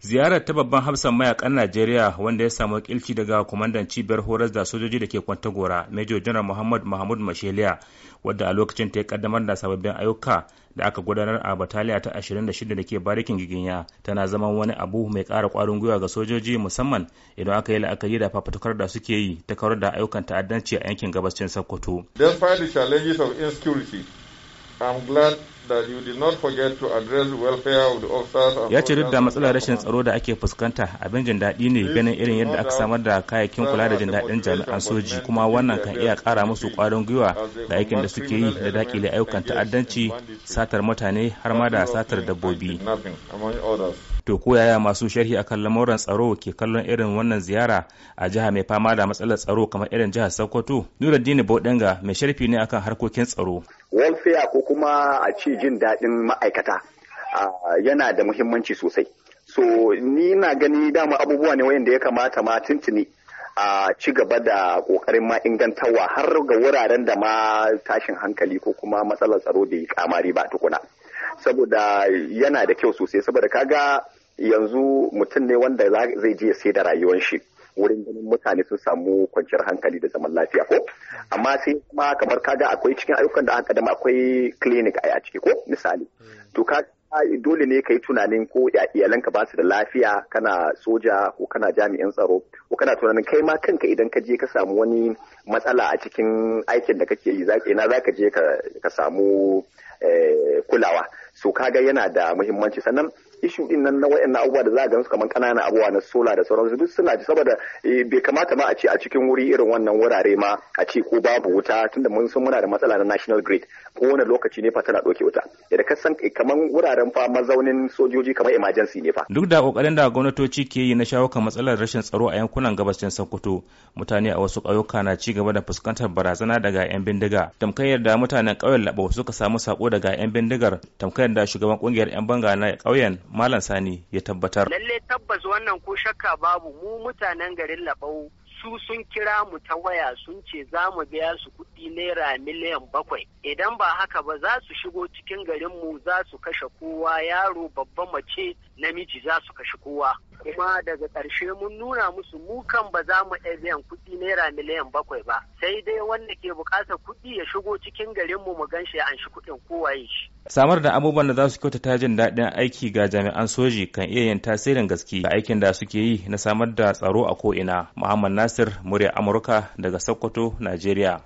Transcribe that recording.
ziyarar ta babban hafsan mayakan najeriya wanda ya samu kilci daga kwamandan cibiyar horas da sojoji da ke kwantagora major general muhammad mahmud masheliya wadda a lokacin ta ya kaddamar da sababbin ayyuka da aka gudanar a bataliya ta 26 da ke barikin giginya tana zama wani abu mai kara kwarin gwiwa ga sojoji musamman idan aka yi la'akari da fafatukar da suke yi ta kawar da ayyukan ta'addanci a yankin gabashin sokoto despite the challenges of insecurity I'm glad that forget to of ya ce duk da matsalar rashin tsaro da ake fuskanta abin jin daɗi ne ganin irin yadda aka samar da kayayyakin kula da jin daɗin jami'an soji kuma wannan kan iya ƙara musu ƙwarin gwiwa da aikin da suke yi da daƙile ayyukan ta'addanci satar mutane har ma da satar dabbobi To ko yaya masu sharhi akan lamuran tsaro ke kallon irin wannan ziyara a jiha mai fama da matsalar tsaro kamar irin jihar Sokoto? Nuruddin Bodanga mai sharfi ne akan harkokin tsaro. Welfare ko kuma a ci jin daɗin ma'aikata yana da muhimmanci sosai. So ni na gani dama abubuwa ne wayanda ya kamata ma tuntuni a ci gaba da kokarin ma ingantawa har ga wuraren da ma tashin hankali ko kuma matsalar tsaro da kamari ba tukuna saboda yana da kyau sosai saboda kaga yanzu mutum ne wanda zai je sai da rayuwar shi wurin ganin mutane sun samu kwanciyar hankali da zaman lafiya ko amma sai kuma kamar kaga akwai cikin ayyukan da aka dama akwai clinic a ciki ko misali hmm. to ka dole ne ka yi tunanin ko iyalanka ba su da lafiya kana soja ko kana jami'in tsaro ko kana tunanin kai ma kanka idan ka je ka samu wani matsala a cikin aikin da kake yi ina za ka je ka samu Eh, kulawa so kaga yana da muhimmanci sannan ishu din nan na wayan abubuwa da za ga kaman kananan abubuwa na sola da sauransu duk suna ji saboda eh, bai kamata ma a ce a cikin wuri irin wannan wurare ma a ce ko babu wuta tunda mun san muna da matsala na national grid ko wani lokaci ne fa tana doke wuta idan ka san eh, kamar wuraren fa mazaunin sojoji kamar emergency ne fa duk da kokarin da gwamnatoci ke yi na shawo kan matsalar rashin tsaro a yankunan gabashin Sokoto mutane a wasu ƙauyuka na ci gaba da fuskantar barazana daga yan bindiga tamkar yadda mutanen ƙauyen Labo suka samu sako daga 'yan bindigar tamkar da shugaban kungiyar 'yan banga na ƙauyen Malam Sani ya tabbatar. Lalle tabbas wannan ko shakka babu mu mutanen garin Labau su sun kira mu ta waya sun ce za mu biya su kuɗi naira miliyan bakwai idan ba haka ba za su shigo cikin garinmu za su kashe kowa yaro babba mace namiji za su kashe kowa kuma daga ƙarshe mun nuna musu mu kan ba za mu iya biyan kuɗi naira miliyan bakwai ba sai dai wanda ke buƙatar kuɗi ya shigo cikin garinmu mu gan shi an shi kuɗin kowaye shi. samar da abubuwan da za su kyautata jin daɗin aiki ga jami'an soji kan iya yin tasirin gaske ga aikin da suke yi na samar da tsaro a ko'ina muhammad nasir murya amurka daga sokoto najeriya